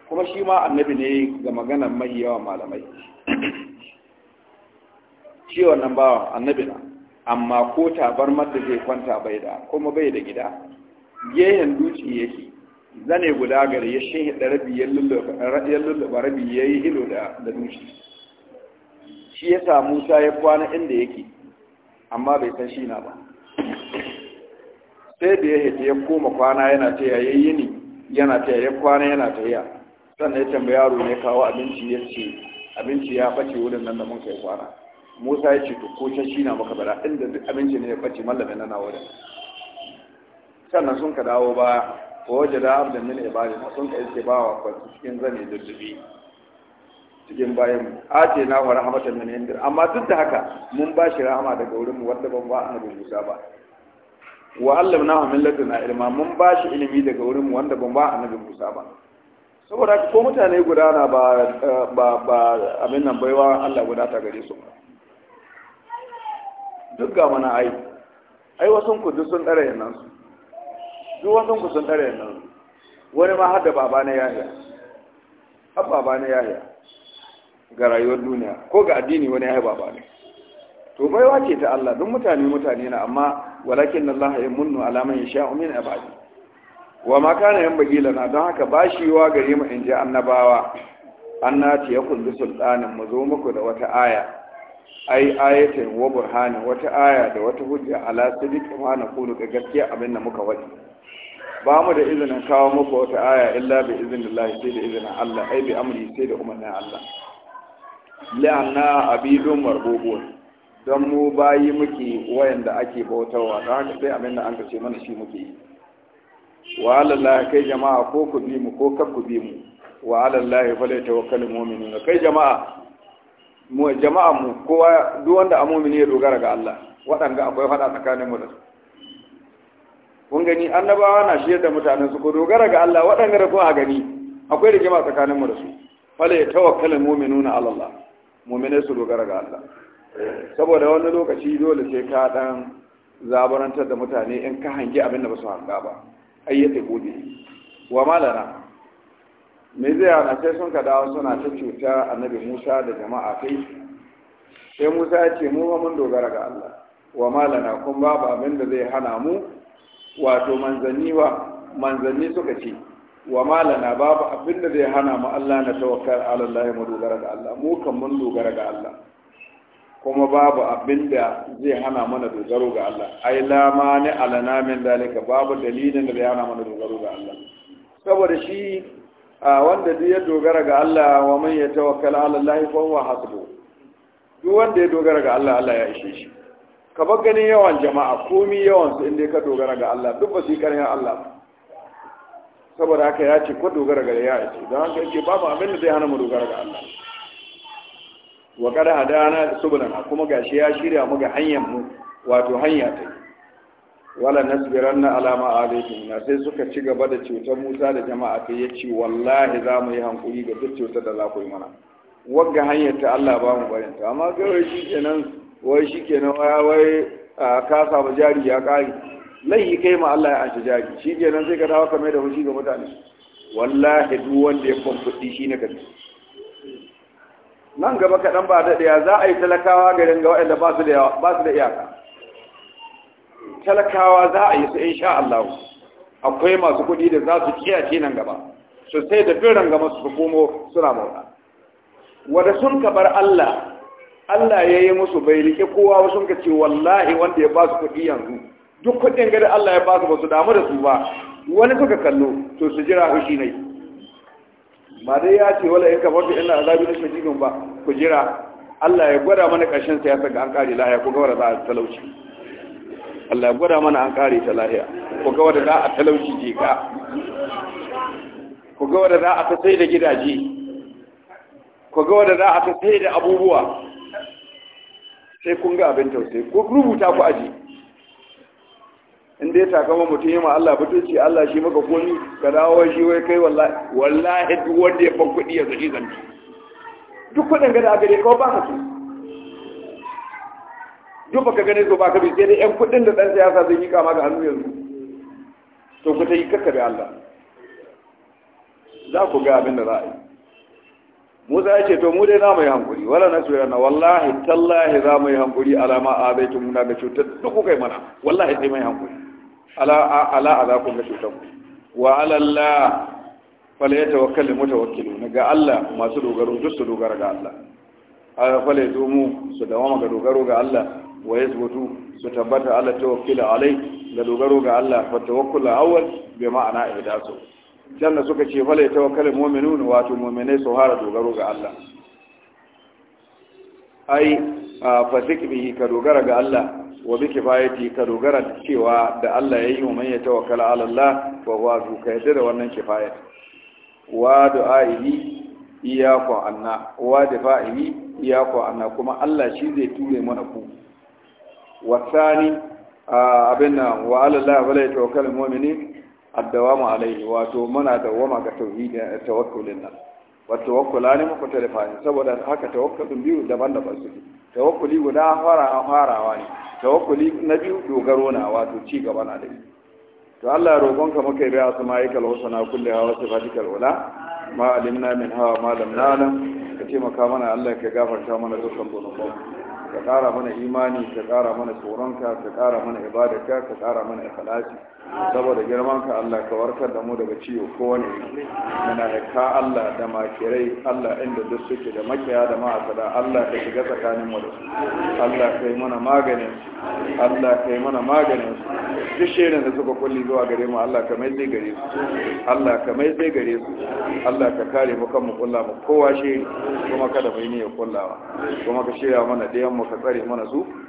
kuma shi ma annabi ne ga maganar mai yawan malamai shi wannan bawa annabi na amma ko tabar da zai kwanta bai da kuma bai da gida gehen duci yake zane guda gari ya shi da rabi ya lullaba rabi ya yi hilo da duci shi ya samu sa ya kwana inda yake amma bai san shi na ba sai da ya hita ya koma kwana yana ta yayi yini yana ta ya kwana yana ta yaya sannan ya tambaya yaro ne kawo abinci ya ce abinci ya bace wurin nan da mun kai kwana musa ya ce to ko can shi na maka bara inda duk abinci ne ya bace mallamin nan na wurin sannan sun ka dawo ba ko waje da abdan min ibadin sun ka yake bawa ko cikin zane zurzubi cikin bayan A ce na fara rahmatan min inda amma duk da haka mun ba shi rahama daga wurin mu wanda ban ba annabi Musa ba wa allamnahu min ladunna ilma mun ba shi ilimi daga wurin mu wanda ban ba annabi Musa ba saboda ko mutane guda na eh, ba abin nan baiwa Allah guda ta gare su duk ga mana ai ai wasan ku duk sun tsare nan su duk wasan ku sun tsare nan su wani ma har da baba na yahya har baba na yahya ga rayuwar duniya ko ga addini wani yahya baba ne to baiwa ce ta Allah duk mutane mutane na amma walakin Allah ya munnu alaman yasha'u min ibadihi wa ma kana yan bagila na don haka bashiwa wa gare mu in annabawa annati ya kullu sultanin mu zo muku da wata aya ai ayatin wa burhanin wata aya da wata hujja ala sidiq ma na kullu ga gaskiya abin da muka wadi ba mu da izinin kawo muku wata aya illa bi iznillahi sai da izinin Allah ai bi amri sai da umarnin Allah la'anna abidun marbubun don mu bayi muke wayanda ake bautawa don haka sai abin da an ce mana shi muke yi wa alallahi kai jama'a ko ku bi mu ko kar ku bi mu wa alallahi falai tawakkalul mu'minun kai jama'a mu jama'a mu kowa duk wanda amumini ya dogara ga Allah wadanda akwai fada tsakanin mu da su kun gani annabawa na shi da mutanen su ko dogara ga Allah waɗanda da kuma gani akwai da jama'a tsakanin mu da su falai tawakkalul mu'minuna ala Allah mu'minai su dogara ga Allah saboda wani lokaci dole sai ka dan zabarantar da mutane in ka hangi abin da ba su hanga ba ayyata gode. wa malana me zai a sai sun ka dawo suna ta cuta annabi musa da jama'a kai sai musa ya ce mu mun dogara ga allah wa malana kun babu abin da zai hana mu wato manzanni wa manzanni suka ce wa malana babu abin da zai hana mu allah na tawakkal ala allah mu dogara ga allah mu kan mun dogara ga allah kuma babu abin da zai hana mana dogaro ga Allah ai la mani alana min dalika babu dalilin da zai hana mana dogaro ga Allah saboda shi wanda duk ya dogara ga Allah wa man yatawakkala ala Allah fa huwa hasbu duk wanda ya dogara ga Allah Allah ya ishe shi ka bar ganin yawan jama'a komi yawan su inda ka dogara ga Allah duk ba su karin Allah saboda haka ya ce ko dogara ga ya ce don haka yake babu abin da zai hana mu dogara ga Allah wa kada hadana subulana kuma gashi ya shirya mu ga hanyar mu wato hanya ta wala nasbiranna ala ma alaykum na sai suka ci gaba da cutar Musa da jama'a ta ce wallahi za mu yi hankuri ga duk cutar da za ku yi mana wagga hanyar ta Allah ba mu barin ta amma gawai kenan wai shi kenan wai wai ka samu jari ya kai lai kai ma Allah ya anshi jari shi kenan sai ka dawo ka da fushi ga mutane wallahi duk wanda ya ban shi ne ka nan gaba kaɗan ba ɗaya za a yi talakawa garin ga waɗanda ba su da iyaka talakawa za a yi su in sha Allah akwai masu kuɗi da za su kiyace nan gaba su sai da firin gama su komo suna mauta wadda sun ka bar Allah Allah ya yi musu bai rike kowa sun ka ce wallahi wanda ya ba su kuɗi yanzu duk kuɗin gada Allah ya ba su ba su damu da su ba wani suka kallo to su jira hushi ne ba dai ya ce wala in kafartu inna azabi la shadidun ba ku jira Allah ya gwada mana ƙarshen sa ya saka an kare lahiya ku ga wanda za a talauci Allah ya gwada mana an kare ta lahiya ku ga wanda za a talauci je ka ku ga wanda za a ta sai da gidaje ku ga wanda za a ta sai da abubuwa sai kun ga abin tausayi ku rubuta ku aji in dai sakamakon mutum yi ma Allah butulci Allah shi maka komi ka dawo shi wai kai wallahi duk wanda ya fan kuɗi ya zan zanci duk kuɗin gada a gare kawai ba ka su duk baka gane su ba ka bi sai dai yan kuɗin da ɗan siyasa zai yi kama ga hannu yanzu to ku ta yi kakkabe Allah za ku ga abin da za a yi Musa ya ce to mu dai za mu yi hankuri wala na tsira na wallahi tallahi za mu yi hankuri alama a bai ga cutar duk kuka yi mana wallahi sai mai hankuri ala ala azakum mashutakum wa ala Allah fala yatawakkalu mutawakkilu ga Allah masu dogaro duk su dogara ga Allah ala fala yadumu su dawama ga dogaro ga Allah wa zubutu su tabbata ala tawakkila alai ga dogaro ga Allah fa wakula awwal bi ma'ana ihdasu da suka ce fala yatawakkalu mu'minun wato mu'minai su hara dogaro ga Allah ai fa zikrihi ka dogara ga Allah wa bi kifayati ka dogara da cewa da Allah yayi wa man yatawakkala ala Allah wa huwa zu ka da wannan kifaya wa du'aihi iyyaka anna wa difa'ihi iyyaka anna kuma Allah shi zai ture mana ku wa tsani abin wa ala Allah bala yatawakkal mu'mini addawamu alaihi wato muna dawama ga tauhidi tawakkulin nan wa tawakkulani muku tarifani saboda haka tawakkalun biyu daban-daban suke tawakkuli guda fara farawa ne tawakkuli na biyu dogaro na wato ci gaba na da to Allah ya roƙon ka muka bi asma'ikal husna kulli wa sifatikal ula ma alimna min hawa ma lam na'lam ka taimaka mana Allah ka gafarta mana dukkan zunuban ka kara mana imani ka kara mana tsoronka ka kara mana ibadarka ka kara mana ikhlasi saboda girman ka Allah ka warkar da mu daga ciwo ko wani muna da ka Allah da makirai Allah inda duk suke da makiya da ma'asada Allah ka shiga tsakanin mu da su Allah ka yi mana maganin Allah ka yi mana maganin su duk shirin da suka kulli zuwa gare mu Allah ka mai sai gare su Allah ka mai sai gare su Allah ka kare mu kan mu kulla mu kowa shi kuma kada mu yi ya kullawa kuma ka shirya mana da mu ka tsare mana su